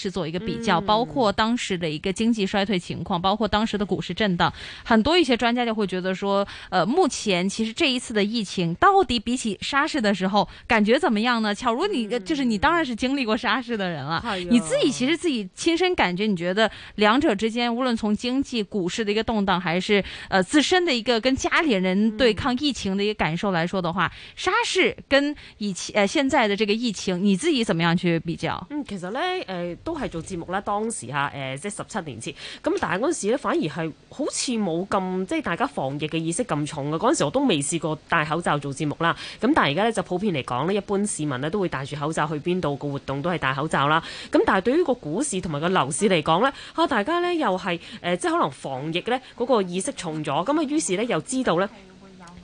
是、嗯、做一個比較，包括當時的一個經濟衰退情況，包括當時的股市震蕩，很多一些專家就會覺得說，呃，目前其實這一次的疫情到底比起沙士的時候感覺怎麼樣呢？巧如你，嗯、就是你當然是經歷過沙士的人了，嗯、你自己其實自己親身感覺，你覺得兩者之間無論從經濟股市的一個動蕩，還是，呃，自身的一個跟家裏人對抗疫情的一個感受來說的話，沙士跟以前，呃，現在的這個疫情，你自己怎麼樣去比較？嗯，其實嘞，呃。都係做節目啦。當時嚇誒、呃、即係十七年前，咁但係嗰陣時咧反而係好似冇咁，即係大家防疫嘅意識咁重嘅，嗰陣時我都未試過戴口罩做節目啦。咁但係而家咧就普遍嚟講咧，一般市民咧都會戴住口罩，去邊度嘅活動都係戴口罩啦。咁但係對於個股市同埋個樓市嚟講咧，嚇、啊、大家咧又係誒、呃、即係可能防疫咧嗰、嗰個意識重咗，咁啊於是咧又知道咧。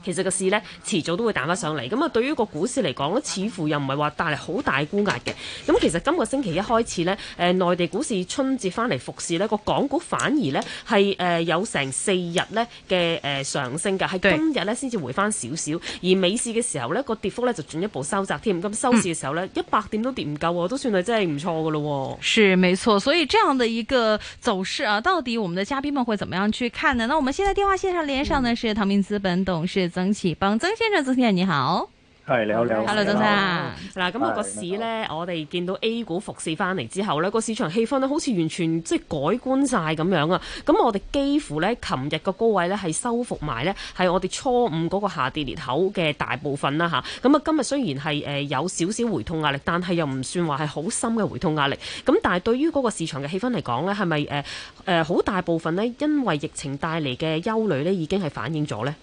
其實個市呢，遲早都會彈翻上嚟，咁、嗯、啊對於個股市嚟講呢，似乎又唔係話帶嚟好大沽壓嘅。咁、嗯、其實今個星期一開始呢，誒、呃、內地股市春節翻嚟復市呢，個港股反而呢係誒有成四日呢嘅誒上升㗎，係今日呢，先至回翻少少。而美市嘅時候呢，個跌幅呢就進一步收窄添。咁收市嘅時候呢，一百、嗯、點都跌唔夠，都算係真係唔錯㗎咯、哦。是，冇錯。所以這樣的一個走勢啊，到底我們的嘉賓們會點樣去看呢？那我們現在電話線上連上嘅是唐明資本董事。曾啓邦，曾先生，主持人你好，係、嗯、你好，你好，Hello，曾生嗱。咁啊好，個市呢，我哋見到 A 股復市翻嚟之後呢，個市場氣氛呢，好似完全即係改觀晒咁樣啊。咁我哋幾乎呢，琴日個高位呢，係收復埋呢，係我哋初五嗰個下跌裂口嘅大部分啦。吓咁啊，今日雖然係誒、呃、有少少回吐壓力，但係又唔算話係好深嘅回吐壓力。咁但係對於嗰個市場嘅氣氛嚟講呢，係咪誒誒好大部分呢，因為疫情帶嚟嘅憂慮呢，已經係反映咗呢？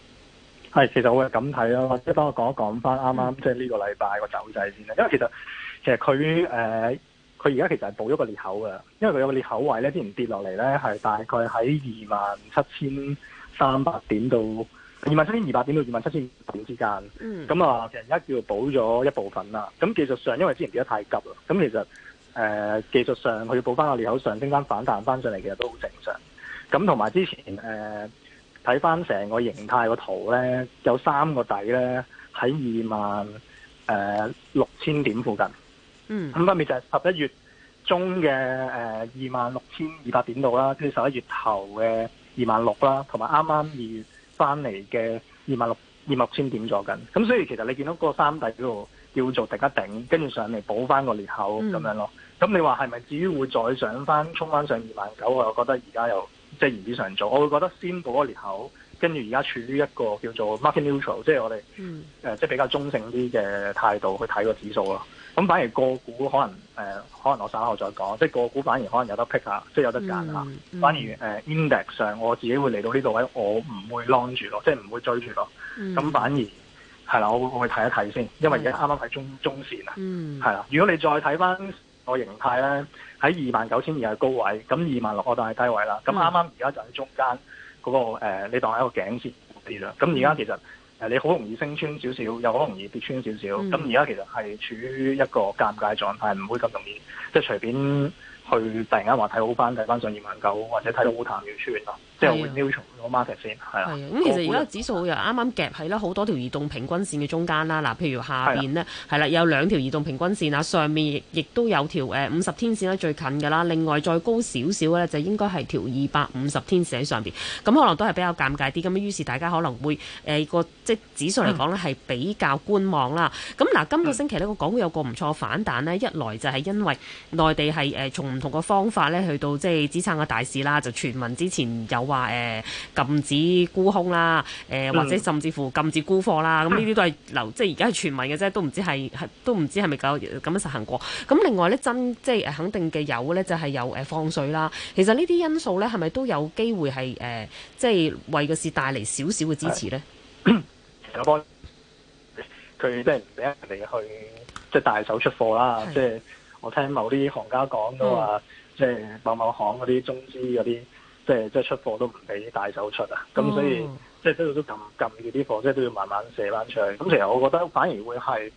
係，其實我係咁睇咯，即係等我講一講翻啱啱即係呢個禮拜個走勢先啦。因為其實其實佢誒佢而家其實係補咗個裂口㗎，因為佢有個裂口位咧，之前跌落嚟咧係大概喺二萬七千三百點到二萬七千二百點到二萬七千五之間。咁啊、嗯，其實而家叫補咗一部分啦。咁技術上，因為之前跌得太急啦，咁其實誒、呃、技術上佢要補翻個裂口，上升翻反彈翻上嚟，其實都好正常。咁同埋之前誒。呃睇翻成個形態個圖咧，有三個底咧喺二萬誒六千點附近。嗯，咁分別就係十一月中嘅誒二萬六千二百點度啦，跟住十一月頭嘅二萬六啦，同埋啱啱二月翻嚟嘅二萬六二萬六千點做緊。咁所以其實你見到個三底嗰度叫做突然間頂，跟住上嚟補翻個裂口咁樣咯。咁、嗯、你話係咪至於會再上翻，衝翻上二萬九啊？我覺得而家又～即係言之尚早，我會覺得先補個裂口，跟住而家處於一個叫做 market neutral，即係我哋誒、嗯呃、即係比較中性啲嘅態度去睇個指數咯。咁反而個股可能誒、呃，可能我稍後再講，即係個股反而可能有得 pick 下，即係、嗯、有得揀啦。嗯、反而誒、呃、index 上，我自己會嚟到呢度位，我唔會 long 住咯，即係唔會追住咯。咁、嗯、反而係啦，我會去睇一睇先，因為而家啱啱喺中、嗯、中線啊。係啊，如果你再睇翻。個形態咧，喺二萬九千二係高位，咁二萬六我當係低位啦。咁啱啱而家就喺中間嗰、那個、呃、你當係一個頸線跌啲啦。咁而家其實誒、呃、你好容易升穿少少，又好容易跌穿少少。咁而家其實係處於一個尷尬狀態，唔會咁容易即係隨便去突然間話睇好翻，睇翻上二萬九，或者睇到好淡要穿啦。係啊，要啊。咁、嗯、其實而家指數又啱啱夾喺咧好多條移動平均線嘅中間啦。嗱，譬如下邊呢，係啦的，有兩條移動平均線啊，上面亦都有條誒五十天線咧最近㗎啦。另外再高少少嘅呢，就應該係條二百五十天線喺上邊，咁可能都係比較尷尬啲。咁於是大家可能會誒個、呃、即指數嚟講呢，係比較觀望啦。咁嗱，今個星期呢，會個港股有個唔錯反彈呢。一來就係因為內地係誒從唔同嘅方法呢，去到即係支撐個大市啦。就傳聞之前有話誒、呃、禁止沽空啦，誒、呃、或者甚至乎禁止沽貨啦，咁呢啲都係流，即係而家係傳聞嘅啫，都唔知係係都唔知係咪夠咁樣實行過。咁另外咧，真即係誒肯定嘅有咧，就係、是、有誒放水啦。其實呢啲因素咧，係咪都有機會係誒、呃，即係為個市帶嚟少少嘅支持咧？有幫佢即係唔俾人哋去即係大手出貨啦。即係是我聽某啲行家講到話，即係、嗯、某某行嗰啲中資嗰啲。即係即係出貨都唔俾大手出啊！咁所以、嗯、即係都都撳撳住啲貨，即係都要慢慢卸翻出去。咁其實我覺得反而會係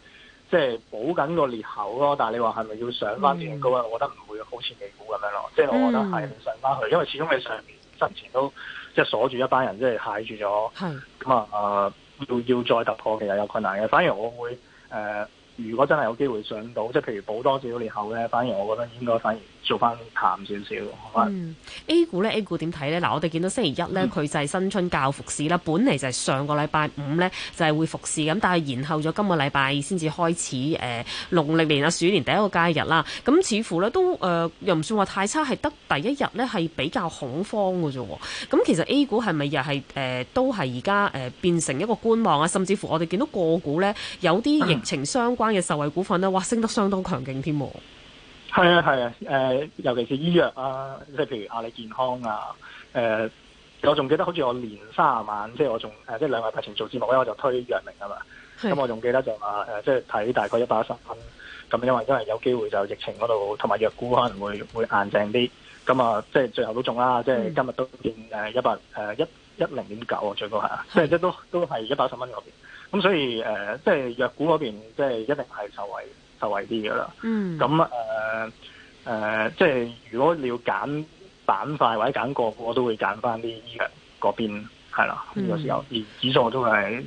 即係補緊個裂口咯。但係你話係咪要上翻年高啊？嗯、我覺得唔會好似美股咁樣咯。嗯、即係我覺得係上翻去，因為始終你上面身前都即係鎖住一班人，即係蟹住咗。咁啊是、嗯呃，要要再突破其實有困難嘅。反而我會誒、呃，如果真係有機會上到，即係譬如補多少少裂口咧，反而我覺得應該反而。做翻淡少少，A 股呢，A 股點睇呢？嗱，我哋見到星期一呢，佢、嗯、就係新春教復市啦。本嚟就係上個禮拜五呢，就係、是、會復市咁，但係延後咗今個禮拜先至開始。誒、呃，農曆年啊，鼠年第一個假日啦。咁似乎呢，都、呃、誒，又唔算話太差，係得第一日呢，係比較恐慌嘅啫。咁其實 A 股係咪又係誒都係而家誒變成一個觀望啊？甚至乎我哋見到個股呢，有啲疫情相關嘅受惠股份呢，哇，升得相當強勁添。係啊，係啊，誒、呃，尤其是醫藥啊，即係譬如阿里健康啊，誒、呃，我仲記得好似我年卅晚，即係我仲誒、呃，即係兩日之前做節目咧，我就推藥明啊嘛，咁的、嗯、我仲記得就話、是、誒、呃，即係睇大概一百一十蚊，咁因為因為有機會就疫情嗰度同埋藥股可能會會硬淨啲，咁、嗯、啊，即、嗯、係最後都中啦，即係今日都見誒一百誒一一零點九啊，最高係啊的、嗯呃，即係即都都係一百一十蚊嗰邊，咁所以誒，即係藥股嗰邊即係一定係受惠。實惠啲噶啦，咁誒誒，即係如果你要揀板塊或者揀個我都會揀翻啲醫藥嗰邊係啦，咁有、這個時候連、嗯、指數都係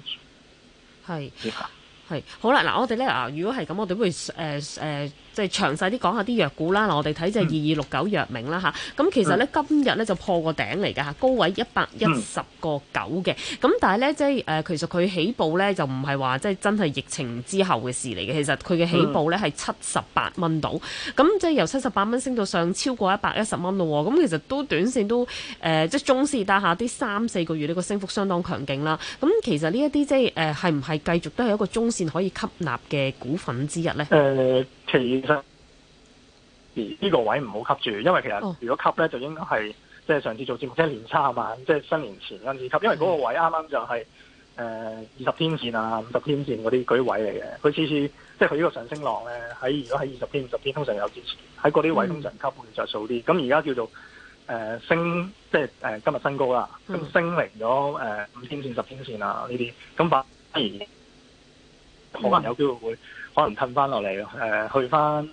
係，係係好啦，嗱，我哋咧啊，如果係咁，我哋會誒誒。呃呃即係詳細啲講下啲藥股啦，嗱，我哋睇即係二二六九藥明啦嚇，咁、嗯、其實咧今日咧就破個頂嚟㗎嚇，高位一百一十個九嘅，咁但係咧即係誒其實佢起步咧就唔係話即係真係疫情之後嘅事嚟嘅，其實佢嘅起步咧係七十八蚊度，咁即係由七十八蚊升到上超過一百一十蚊咯喎，咁其實都短線都誒、呃、即係中線但下啲三四個月呢個升幅相當強勁啦，咁其實呢一啲即係誒係唔係繼續都係一個中線可以吸納嘅股份之一咧？誒、呃。其實而呢個位唔好吸住，因為其實如果吸咧，就應該係即係上次做節目即係、就是、年卅啊嘛，即、就、係、是、新年前開始吸，因為嗰個位啱啱就係誒二十天線啊、五十天線嗰啲嗰啲位嚟嘅。佢次次即係佢呢個上升浪咧，喺如果喺二十天、五十天通常有支持，喺嗰啲位通常吸會著數啲。咁而家叫做誒、呃、升，即係誒、呃、今日新高啦，咁升嚟咗誒五天線、十天線啊呢啲，咁反而，可能、嗯、有機會會可能褪翻落嚟，誒、呃、去翻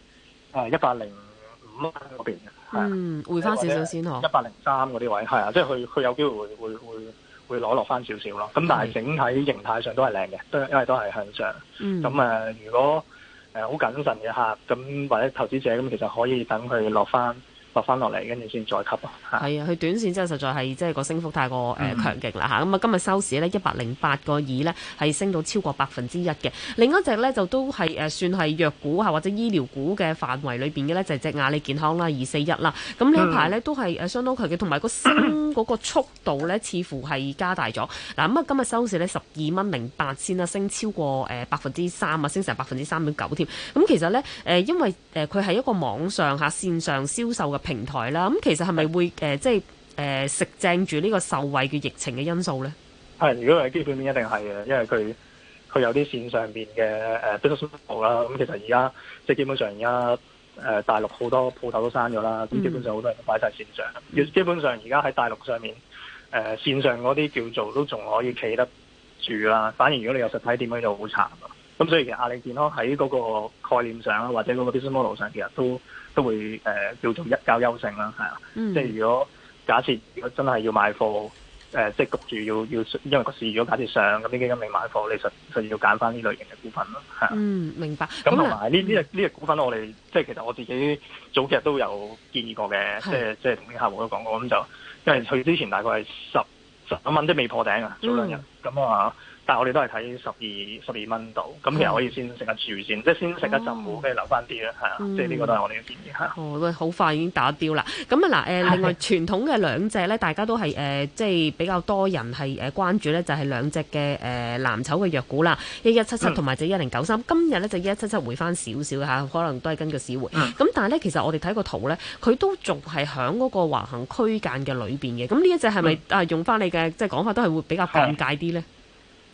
誒一百零五嗰邊嘅，呃、嗯，是回翻少少先哦，一百零三嗰啲位，係啊，即係佢佢有機會會會會攞落翻少少咯。咁但係整體形態上都係靚嘅，都因為都係向上。咁誒、嗯呃，如果誒好謹慎嘅客，咁或者投資者咁，其實可以等佢落翻。落翻落嚟，跟住先再吸啊！係啊，佢短線真係實在係即係個升幅太過誒、呃、強勁啦嚇！咁啊，今日收市呢，一百零八個二呢係升到超過百分之一嘅。另一隻呢，就都係誒、呃、算係藥股嚇，或者醫療股嘅範圍裏邊嘅呢，就係、是、隻阿里健康啦，二四一啦。咁呢一排呢都係誒相當強嘅，同埋個升嗰個速度呢，似乎係加大咗。嗱咁啊，今日收市呢，十二蚊零八仙，啊，升超過誒百分之三啊，升成百分之三點九添。咁其實呢，誒、呃，因為誒佢係一個網上下、啊、線上銷售嘅。平台啦，咁其實係咪會誒、呃、即係誒、呃、食正住呢個受惠嘅疫情嘅因素咧？係，如果係基本面一定係嘅，因為佢佢有啲線上邊嘅誒 business model 啦。咁、呃、其實而家即係基本上而家誒大陸好多鋪頭都閂咗啦，咁基本上好多人都擺曬線上。要基本上而家喺大陸上面誒、呃、線上嗰啲叫做都仲可以企得住啦。反而如果你有實體店咧，就好慘。咁、嗯、所以其實阿里健康喺嗰個概念上啦，或者嗰個 business model 上，其實都都會誒、呃、叫做一較優勝啦，係啊。嗯、即係如果假設如果真係要買貨，誒、呃、即係焗住要要，因為個市如果假設上咁呢基金未買貨，你實實要揀翻呢類型嘅股份咯，嚇。嗯，明白。咁同埋呢呢隻呢隻股份我，我哋即係其實我自己早幾日都有建議過嘅，的即係即係同啲客戶都講過，咁就因為佢之前大概係十十五蚊即未破頂啊，早兩日咁啊。嗯嗯但我哋都係睇十二十二蚊度，咁、嗯、其實可以先食下住先，即係先食一陣、哦、留翻啲啦，係啊，嗯、即係呢個都係我哋嘅建議好、哦、快已經打掉啦。咁啊嗱，誒、呃，另外傳統嘅兩隻咧，大家都係誒、呃，即係比較多人係誒關注咧，就係、是、兩隻嘅誒、呃、藍籌嘅藥股啦，93，嗯、回回一一七七同埋隻一零九三。今日咧就一一七七回翻少少嘅，可能都係根個市回。咁、嗯嗯、但係咧，其實我哋睇個圖咧，佢都仲係響嗰個橫行區間嘅裏邊嘅。咁呢一隻係咪、嗯、啊用翻你嘅即係講法都係會比較尷尬啲咧？嗯嗯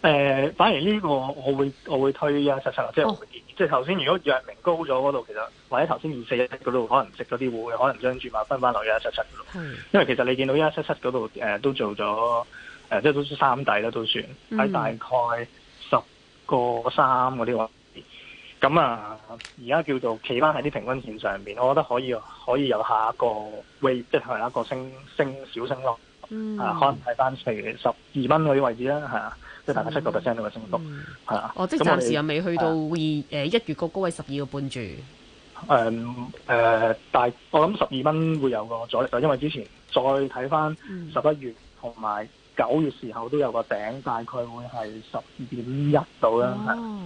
誒、呃，反而呢個我會我會推一一七七，oh. 即係我會建議，即係頭先，如果藥明高咗嗰度，其實或者頭先二四一嗰度可能食咗啲會，可能將注碼分翻落一一七七嗰度，因為其實你見到一一七七嗰度誒都做咗誒、呃，即係都三底啦，都算喺大概十個三嗰啲位。咁啊，而家叫做企翻喺啲平均線上面，我覺得可以可以有下一個 wave，即係一個升升小升咯。啊，可能睇翻係十二蚊嗰啲位置啦，係啊，即係大概七個 percent 嗰個升幅，係啊。哦，即係暫時又未去到二誒一月個高位十二個半住。誒誒、嗯，但、呃、我諗十二蚊會有個阻力，就因為之前再睇翻十一月同埋九月時候都有個頂，大概會係十二點一度啦，係、哦、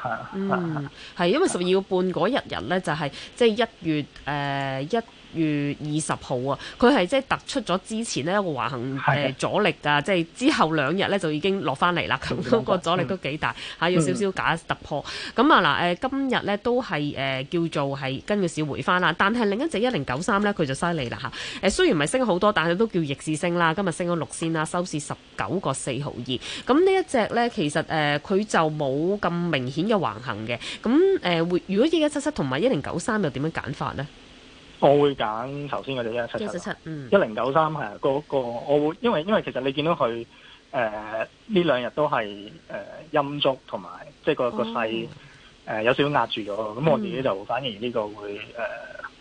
啊。嗯，嗯，因為十二個半嗰日日咧，就係即係一月誒一。呃月二十號啊，佢係即係突出咗之前呢一個橫行誒的、呃、阻力啊。即係之後兩日咧就已經落翻嚟啦。嗰、嗯、個阻力都幾大嚇，要少少假突破。咁啊嗱誒，今日咧都係誒、呃、叫做係跟住市回翻啦。但係另一隻一零九三咧，佢就犀利啦嚇。誒雖然唔係升好多，但係都叫逆市升啦。今日升咗六仙啦，收市十九個四毫二。咁呢一隻咧其實誒佢、呃、就冇咁明顯嘅橫行嘅。咁誒會如果一一七七同埋一零九三又點樣揀法呢？我會揀頭先嗰隻一七七，一零九三係嗰個。我會因為因為其實你見到佢誒呢兩日都係誒、呃、陰燭同埋即係、那個、oh. 個勢誒、呃、有少少壓住咗。咁我自己就反而呢個會誒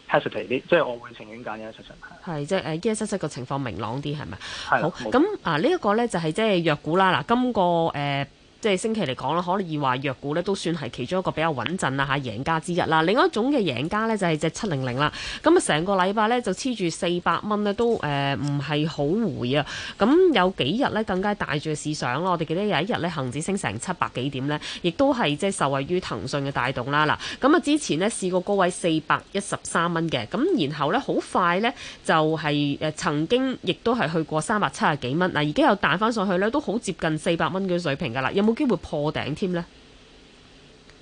hesitate 啲，呃、itate, 即係我會情願揀一七七。係即係誒一七七個情況明朗啲，係咪？好咁啊！呃這個、呢一個咧就係即係藥股啦。嗱，今個誒。呃即係星期嚟講啦，可能以話弱股咧都算係其中一個比較穩陣啦嚇、啊，贏家之一啦。另一種嘅贏家呢，就係隻七零零啦。咁、呃、啊，成個禮拜呢，就黐住四百蚊咧都誒唔係好回啊。咁有幾日呢，更加大住市上咯。我哋記得有一日呢，恒指升成七百幾點呢，亦都係即係受惠於騰訊嘅帶動啦嗱。咁啊，啊之前呢，試過高位四百一十三蚊嘅，咁然後呢，好快呢，就係誒曾經亦都係去過三百七十幾蚊嗱，而家又彈翻上去呢，都好接近四百蚊嘅水平噶啦、啊。有冇？機會破頂添咧？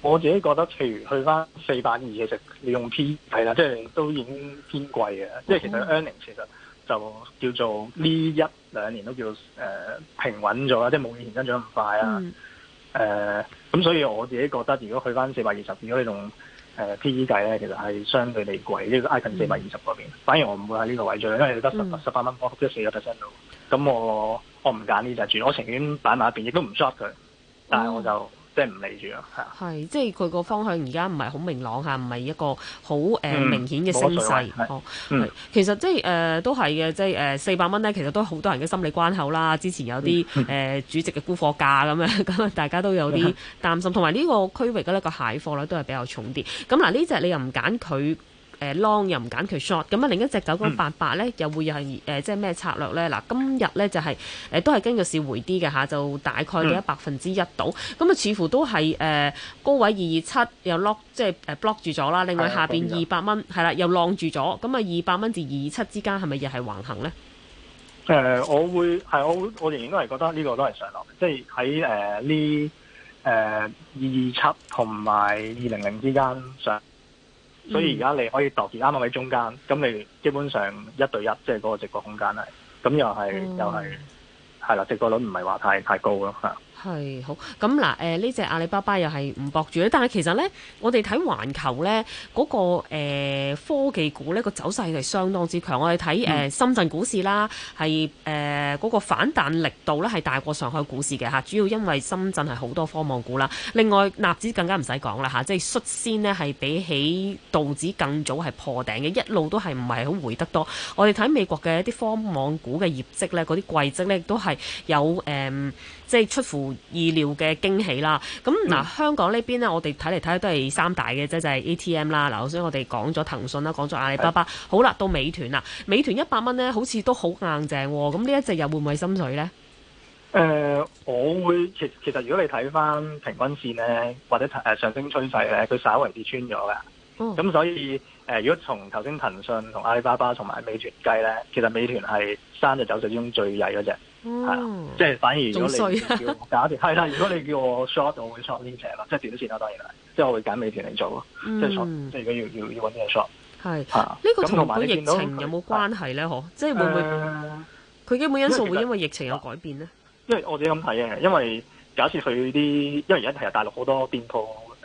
我自己覺得，譬如去翻四百二，其實你用 P 係啦，即係都已經偏貴嘅。嗯、即係其實 earnings 其實就叫做呢一兩年都叫誒、呃、平穩咗啦，即係冇以前增長咁快啊。誒、嗯、咁、呃嗯、所以我自己覺得，如果去翻四百二十，如果你用誒 PE 計咧，其實係相對嚟貴呢個挨近四百二十嗰邊。邊嗯、反而我唔會喺呢個位置，因為你得十十八蚊，即係四個 percent 度。咁我我唔揀呢隻住，我情願擺埋一邊，亦都唔 shop 佢。但係我就即係唔理住咯，係，係即係佢個方向而家唔係好明朗吓，唔係一個好誒、呃嗯、明顯嘅升勢。冇所謂，係，嗯，其實即係誒、呃、都係嘅，即係誒四百蚊咧，其實都好多人嘅心理關口啦。之前有啲誒、呃、主席嘅沽貨價咁樣，咁啊大家都有啲擔心。同埋呢個區域嘅呢個蟹貨咧都係比較重啲。咁嗱呢隻你又唔揀佢？誒 long 又唔揀佢 short，咁啊另一隻九九八八咧，又會又係誒、呃、即係咩策略咧？嗱，今日咧就係、是、誒、呃、都係根據市回啲嘅嚇，就大概跌一百分之一度。咁啊、嗯、似乎都係誒、呃、高位二二七又 lock 即係誒 block 住咗啦。另外下邊二百蚊係啦又浪住咗，咁啊二百蚊至二二七之間係咪又係橫行咧？誒、呃、我會係我我仍然都係覺得呢個都係上落，即係喺誒呢誒二二七同埋二零零之間上。所以而家你可以度住啱啱喺中間，咁、mm. 你基本上一對一，即係嗰個值博空間係，咁又係、mm. 又係係啦，值博率唔係話太太高咯嚇。 係好咁。嗱，誒呢隻阿里巴巴又係唔搏住咧，但係其實呢，我哋睇環球呢嗰、嗰個、呃、科技股呢、嗰個走勢係相當之強。我哋睇誒深圳股市啦，係誒嗰個反彈力度呢係大過上海股市嘅嚇。主要因為深圳係好多科網股啦，另外納指更加唔使講啦嚇，即係率先呢係比起道指更早係破頂嘅，一路都係唔係好回得多。我哋睇美國嘅一啲科網股嘅業績呢，嗰啲季績呢都係有誒、呃，即係出乎。意料嘅驚喜啦，咁嗱、嗯、香港呢邊呢，我哋睇嚟睇去都係三大嘅啫，就係、是、ATM 啦。嗱，所以我哋講咗騰訊啦，講咗阿里巴巴，是的 好啦，到美團啦。美團一百蚊呢，好似都好硬淨、哦，咁呢一隻又會唔會心水呢？誒、呃，我會其實其實如果你睇翻平均綫呢，或者、呃、上升趨勢呢，佢稍為跌穿咗噶，咁、嗯、所以誒、呃，如果從頭先騰訊同阿里巴巴同埋美團計呢，其實美團係三隻走勢中最曳嗰隻。係、嗯、即係反而如果你叫假啲，係啦還衰， 如果你叫我 short，我會 short 啲嘢咯，即係條線啦，當然係，即係我會揀美團嚟做咯，即係 short，即係而家要要要揾啲嘢 short。係的，呢的個同佢、嗯、疫情有冇關係咧？可的即係會唔會佢基本因素會因為疫情有改變咧？因為我自己咁睇嘅，因為假設佢啲，因為而家係啊，大陸好多店鋪。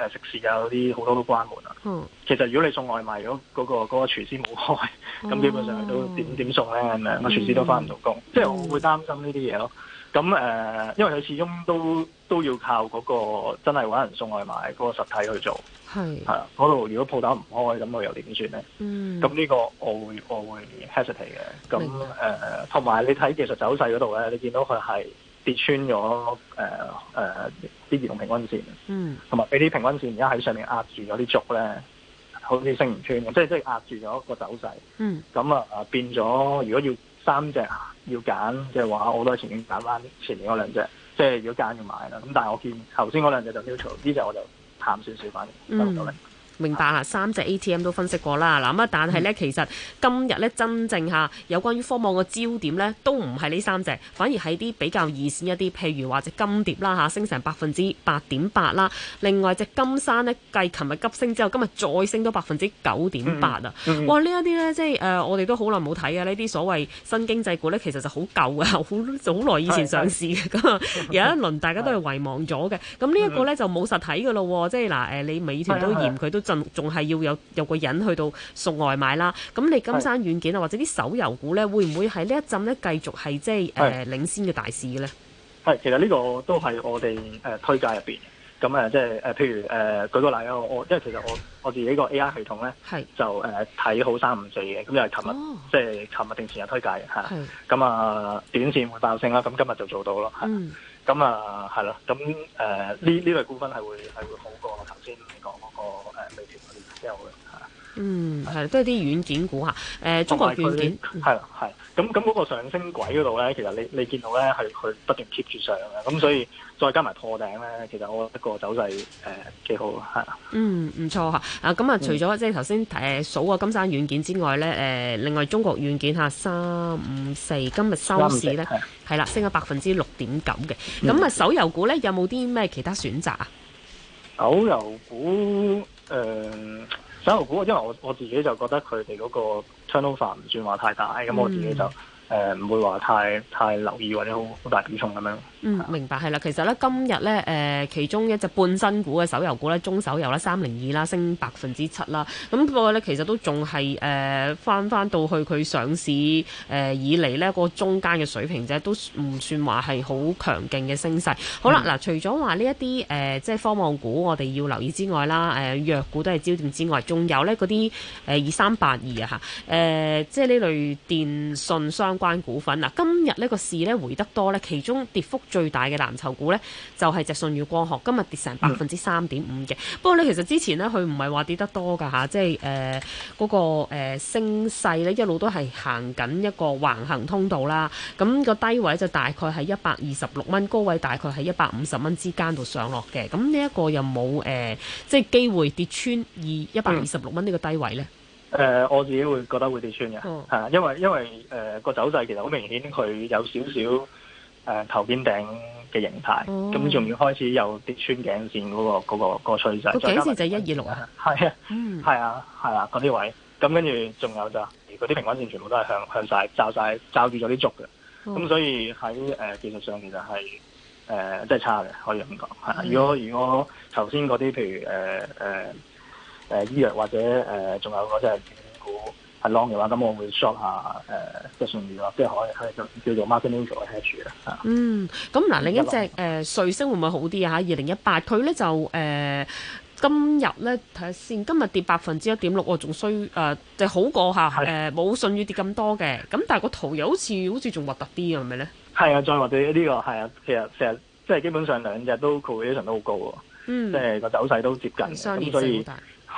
誒食肆啊，啲好多都關門啦、啊。嗯，其實如果你送外賣，如果嗰、那個那個廚師冇開，咁、啊、基本上都點點送咧咁樣，個廚師都翻唔到工。即係我會擔心呢啲嘢咯。咁誒、呃，因為佢始終都都要靠嗰個真係揾人送外賣嗰個實體去做。係係是啊，嗰度如果鋪頭唔開，咁我又點算咧？嗯，咁呢個我會我會 hesitate 嘅。咁誒，同埋、呃、你睇技術走勢嗰度咧，你見到佢係。跌穿咗誒誒啲自動平均線，嗯，同埋俾啲平均線而家喺上面壓住咗啲足咧，好似升唔穿嘅，即係即係壓住咗個走勢，嗯，咁啊啊變咗，如果要三隻要揀，即係話我都係前邊揀翻前面嗰兩隻，即係如果揀要就買啦，咁但係我見頭先嗰兩隻就 neutral，呢隻我就淡少少，反收到咧。嗯明白啦，三隻 ATM 都分析過啦。嗱咁啊，但係咧，其實今日咧真正嚇有關於科網個焦點咧，都唔係呢三隻，反而係啲比較二線一啲，譬如話隻金蝶啦嚇，升成百分之八點八啦。另外隻金山呢，繼琴日急升之後，今日再升到百分之九點八啊！嗯嗯、哇，呢一啲咧，即係誒，我哋都好耐冇睇啊！呢啲所謂新經濟股咧，其實就好舊嘅，好耐以前上市嘅， 有一輪大家都係遺忘咗嘅。咁呢一個咧就冇實體嘅咯喎，即係嗱誒，你美團都嫌佢都。仲仲係要有有個人去到送外賣啦，咁你金山軟件啊是或者啲手遊股咧，會唔會喺呢一陣咧繼續係即係誒領先嘅大市嘅咧？係，其實呢個都係我哋誒推介入面，咁誒即係誒，譬、呃、如誒、呃、舉個例啊，我因為其實我我自己個 A. I. 系統咧，係是就誒睇、呃、好三五四嘅，咁又係琴日、哦、即係琴日定前日推介嘅，咁啊的短線會爆升啦，咁今日就做到咯，咁啊係咯，咁誒呢呢個股份係會係會好過頭先講。有嘅，係嗯，係都係啲軟件股吓，誒，中國軟件係啦，係咁咁嗰個上升軌嗰度咧，其實你你見到咧係佢不斷 keep 住上嘅，咁所以再加埋破頂咧，其實我覺得個走勢誒幾好啊，係啊，嗯，唔錯吓，啊咁啊，除咗即係頭先誒數過金山軟件之外咧，誒，另外中國軟件吓三五四今日收市咧係啦，升咗百分之六點九嘅，咁啊手遊股咧有冇啲咩其他選擇啊？手遊股。誒，所以我估，因為我我自己就覺得佢哋嗰個 turnover 唔算話太大，咁我自己就，嗯誒唔會話太太留意或者好好大比重咁樣。嗯，明白係啦。其實咧今日咧誒、呃、其中一隻半新股嘅手遊股咧，中手游啦，三零二啦，升百分之七啦。咁不過咧其實都仲係誒翻翻到去佢上市誒、呃、以嚟呢嗰個中間嘅水平啫，都唔算話係好強勁嘅升勢。好啦，嗱、嗯呃，除咗話呢一啲誒即係科網股我哋要留意之外啦，誒、呃、藥股都係焦點之外，仲有咧嗰啲誒二三八二啊吓，誒、呃呃、即係呢類電信商。關股份嗱，今日呢個市咧回得多咧，其中跌幅最大嘅藍籌股咧就係隻舜宇光學，今日跌成百分之三點五嘅。嗯、不過咧，其實之前咧佢唔係話跌得多噶吓，即係誒嗰個誒升勢咧一路都係行緊一個橫行通道啦。咁、個低位就大概係一百二十六蚊，高位大概係一百五十蚊之間度上落嘅。咁呢一個又冇誒，即係機會跌穿二一百二十六蚊呢個低位咧。嗯誒、uh, 我自己會覺得會跌穿嘅，嚇、哦 uh，因為因為誒個走勢其實好明顯，佢有少少誒、呃、頭肩頂嘅形態，咁仲、嗯、要開始有跌穿頸線嗰、那個嗰、那個、那個趨、那個、勢。嗯、就係一二六啊，係、嗯、啊，係啊，係啊，啲、啊、位，咁跟住仲有就嗰啲平均線全部都係向向曬、罩曬、罩住咗啲足嘅，咁所以喺誒技術上其實係誒真係差嘅，可以咁講。如果如果頭先嗰啲譬如誒誒。誒、呃、醫藥或者誒仲、呃、有嗰隻恆股係 long 嘅話，咁我會 short 下誒嘅信譽咯，即係可以叫做 market neutral 嘅 hedge 啦。嗯，咁嗱另一隻誒瑞、呃、星會唔會好啲啊？嚇，二零一八佢咧就誒今日咧睇下先，今日跌百分之一點六仲衰即就好過下，誒冇信譽跌咁多嘅。咁但係個圖又好似好似仲核突啲嘅係咪咧？係啊，再核突呢個係啊，其實成日即係基本上兩隻都 correlation 都好高喎，嗯、即係個走勢都接近嘅，咁、嗯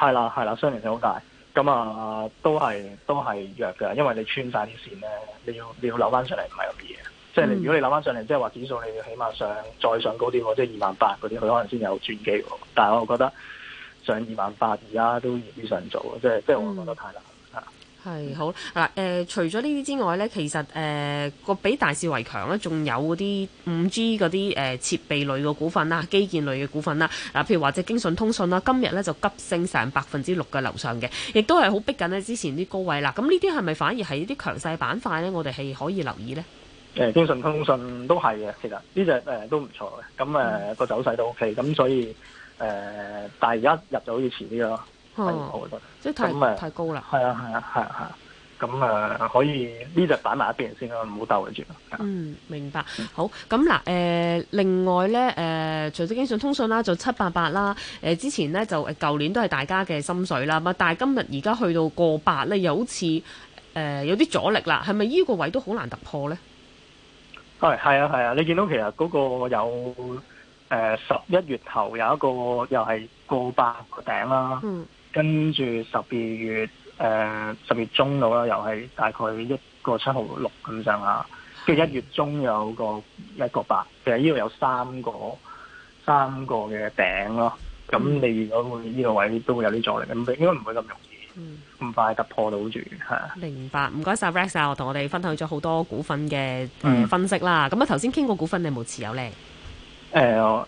係啦，係啦，相連性好大。咁啊，都係都係弱嘅，因為你穿晒啲線咧，你要你要扭翻上嚟，唔係咁嘅嘢。Hmm. 即係如果你扭翻上嚟，即係話指數，你要起碼上再上高啲喎，即係二萬八嗰啲，佢可能先有轉機。但係我覺得上二萬八而家都未必上咗，即係即係我覺得太難。係好嗱誒、呃，除咗呢啲之外咧，其實誒個、呃、比大市為強咧，仲有啲五 G 嗰啲誒設備類嘅股份啦，基建類嘅股份啦，嗱、呃、譬如或者京信通信啦，今日咧就急升成百分之六嘅樓上嘅，亦都係好逼緊咧之前啲高位啦。咁呢啲係咪反而係啲強勢板塊咧？我哋係可以留意咧？誒，京信通信都係嘅，其實呢隻誒都唔錯嘅，咁誒個走勢都 OK，咁所以誒、呃，但係而家入就好似遲啲咯。哦，嗯、好即係太、嗯、太高啦，係啊係啊係啊係，咁啊可以呢隻擺埋一邊先啦，唔好鬥住。嗯，明白。好，咁嗱，誒、呃，另外咧，誒、呃，除咗經常通訊啦，就七八八啦，誒、呃，之前咧就誒舊年都係大家嘅心水啦，咁但係今日而家去到過八，咧，又好似誒、呃、有啲阻力啦，係咪呢個位都好難突破咧？係係啊係啊，啊，你見到其實嗰個有誒十一月頭有一個又係過八個頂啦。嗯。跟住十二月，誒、呃、十月中到啦，又係大概一個七號六咁上下。跟住一月中有個一個八，其實呢度有三個三個嘅頂咯。咁你如果會呢個位都會有啲阻力，咁應該唔會咁容易，咁、嗯、快突破到住，係啊。明白，唔該晒。Rex 啊，我同我哋分享咗好多股份嘅分析啦。咁啊、嗯，頭先傾過股份，你有冇持有咧？誒、呃。